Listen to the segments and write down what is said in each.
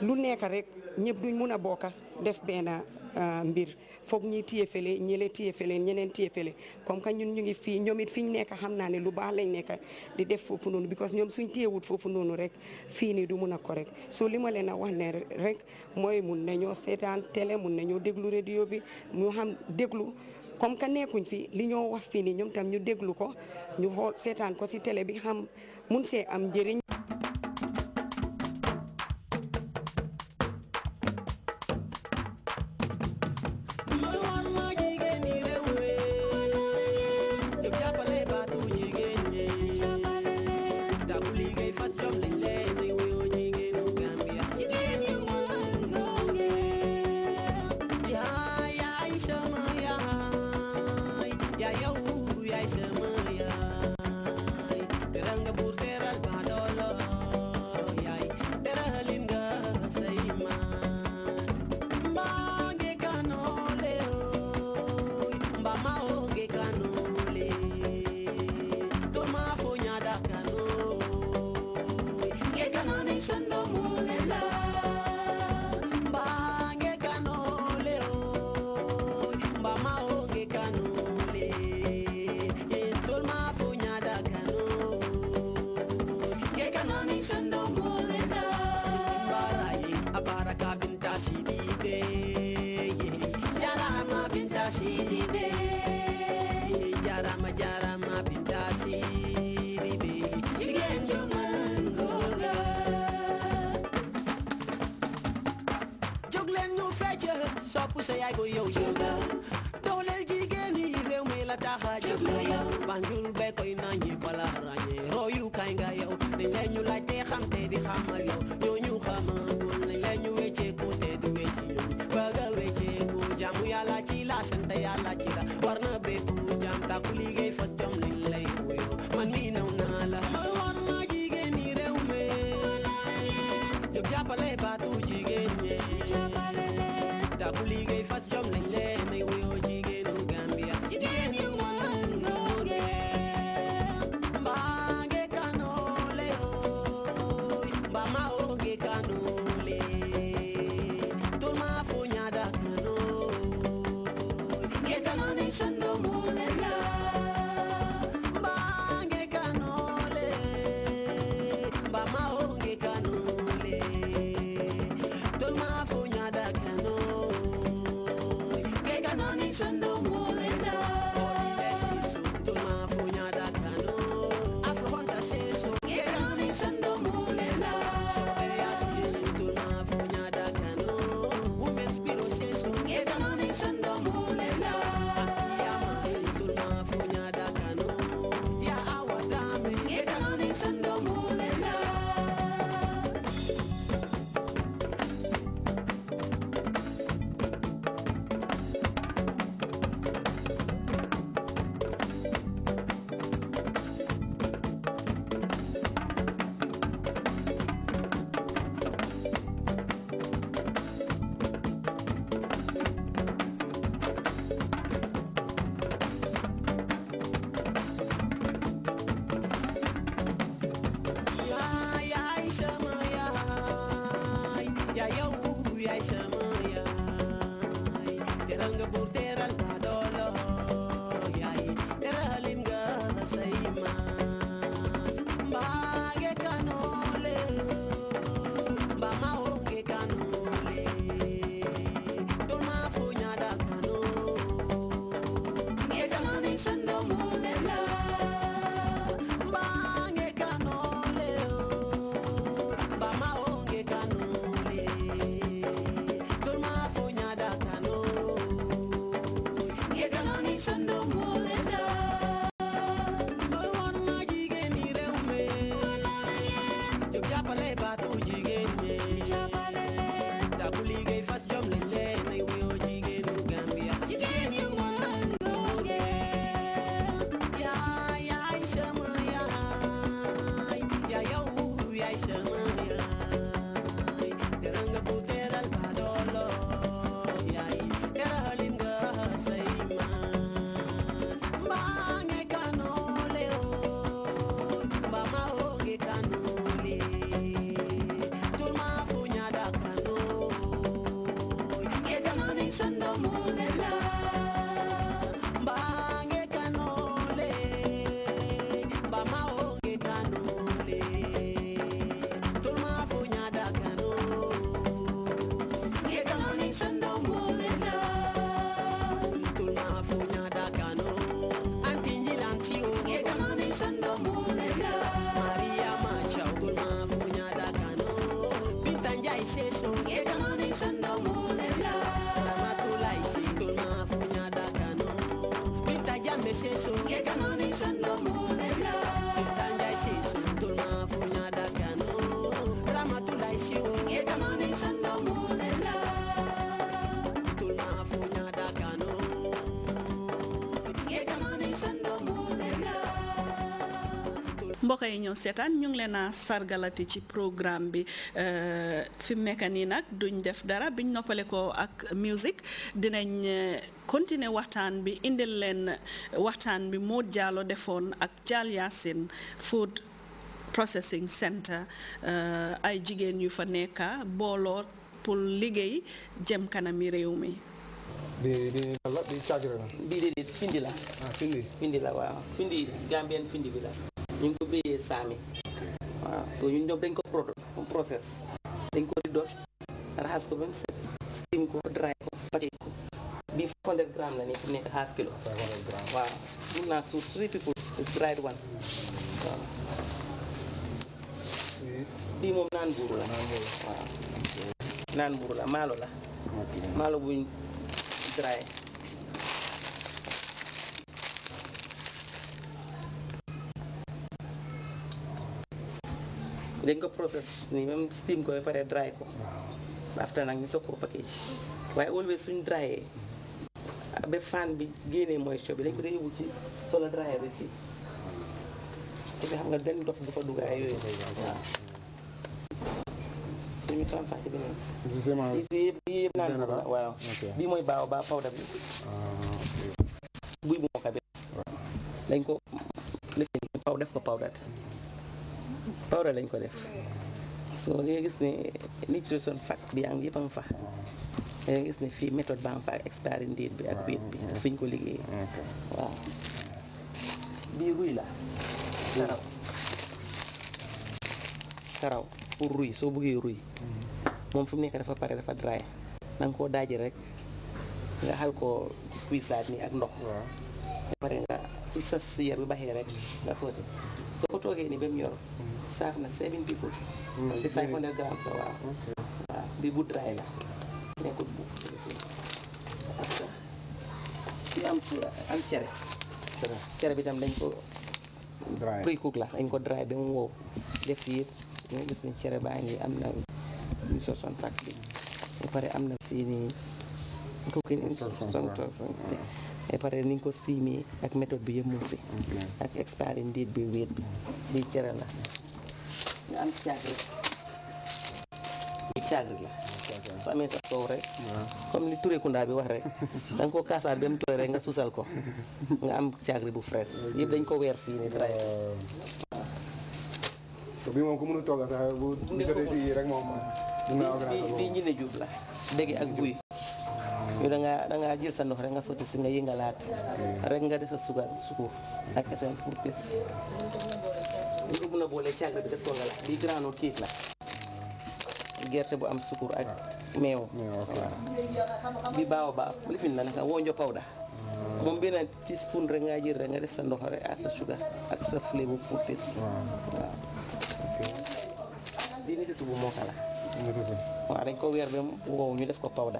lu nekk rek ñëpp duñ mun a bokka def benn euh, mbir foog ñi téye fële ñële téye ñeneen téye fële comme que ñun ñu ngi fii ñoom fi ñu nekk xam naa ne lu baax lañ nekk di def foofu noonu because ñoom suñ téyewut foofu noonu rek fii nii du mun a ko rek soo li ma leen a wax ne rek mooy mun nañoo seetaan tele mun nañoo déglu radio bi ñu xam déglu comme que nekkuñ fi li ñoo wax fii nii ñoom tam ñu déglu ko ñu xool seetaan ko si tele bi xam mun see am njëriñ. burger al Binta Sidibe fecc sopp sa yaay bu yow jóg dooleel jigéen réew mi la tax a jóg Banjul beko nga buur teeral you. Tanja Shisu, Tulma Funyada Kano, Ramatulai Shiwo. mbokk yi ñoo seetaan ñu ngi leen a sargalati ci programme bi euh, fi mu nekk nii nag duñ def dara biñ noppale ak musique dinañ euh, continuer waxtaan bi indil leen waxtaan bi moo jaalo defoon ak jaal yaasin food processing center euh, ay jigéen yu fa nekka booloo pour liggéey jëm kanami réew mi ñu ko béyee saami waaw soo ñun ñoom dañ ko pro process dañ ko di dos raxas ko ba mu set steam ko dry ko pati ko bii 500 la nii fi nekk half kilo waaw mun naa suur three people is dried one bii moom naan buuru la naan buuru la maalo la maalo buñ dry dañ ko process ni même steam ko ba pare dry ko after nag ñu soog koo package waaye always suñ dryee ba fan bi génnee moisture bi ci solo xam nga benn dof du fa dugg ay yooyu waaw suñu yi mooy baaw baa powder bi ah, dañ ko lëkkale paw def ko powder Pawra lañ ko def so li gis ne son fact bi yaa ngi yëpp fa da gis ne fii méthode baa nga fa ak expiring date bi ak wéet bi ak ko liggéeyee waaw bii ruy la karaw karaw pour ruy soo bëggee ruy moom fi mu nekk dafa pare dafa dry na koo daaji rek nga xal koo squeeze laat nii ak ndox pare nga su sas yar bi baxee rek nga sooti soo ko toogee nii ba mu yor mm-hmm. saaf na seven people mm-hmm. parce que five hundred grams la waaw bi bu dry la nekkul bu bi tam dañ ko pre-cook la dañ ko dry ba mu wow def si nga gis ni cere baa ngi am na instruction pack bi ba pare am na fii nii cooking instruction et pare ni ko simi ak méthode bi yëpp mu fi ak expert indeed bi wéet bi lii cere la ñu am ciagre lii ciagre la so amé sa ko rek comme li Touré Kunda bi wax rek dang ko kassar ba touré rek nga suusal ko nga am ciagre bu fraîche yëpp dañ ko weer fii ni dara bi mom ko mënu toga sa bu ni ko dee si rek moom bi ñu ne jub la dégg ak buy yoɗa nga ɗa nga jil rek nga soti si nga yëngalaat rek nga def sa sugar sukur ak essence pour tes nga mun a boole càgg bi def ko nga la grano la gerte bu am sukur ak meew bi baaw baaw lifin la naka wonjo pawda teaspoon rek nga jël rek nga def sa ndox rek ak sa sugar ak sa flavour pour tes waaw bi nitatu bu kala ko ñu def ko pawda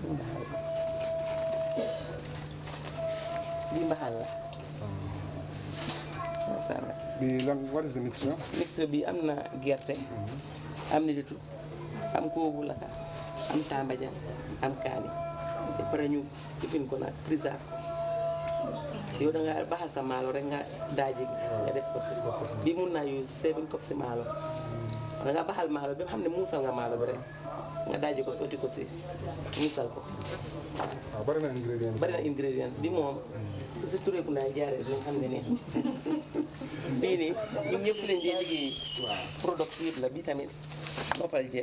mbaxal bi mbaxal la mm-hmm. macha allah. bii lan what is the mixture. mixture bi am na gerte. Mm-hmm. am na litu am koobu laka am tambaja am kaani ba pare ñu tippin ko nag préserve ko yow da nga baxal sa maalo rek nga daaji nga def ko bii mun naa use seven cups si maalo. wala nga baxal maalo bi nga xam ne muusal nga maalo bi rek nga dajji ko sotti ko si muusal ko. waaw ah, bari na ingrédient bari na ingrédient bi moom su si turee ku naay jaaree bi nga xam ne nii bii nii ñun ñëpp leen di liggéey produit yëpp la bi tamit noppal jeex.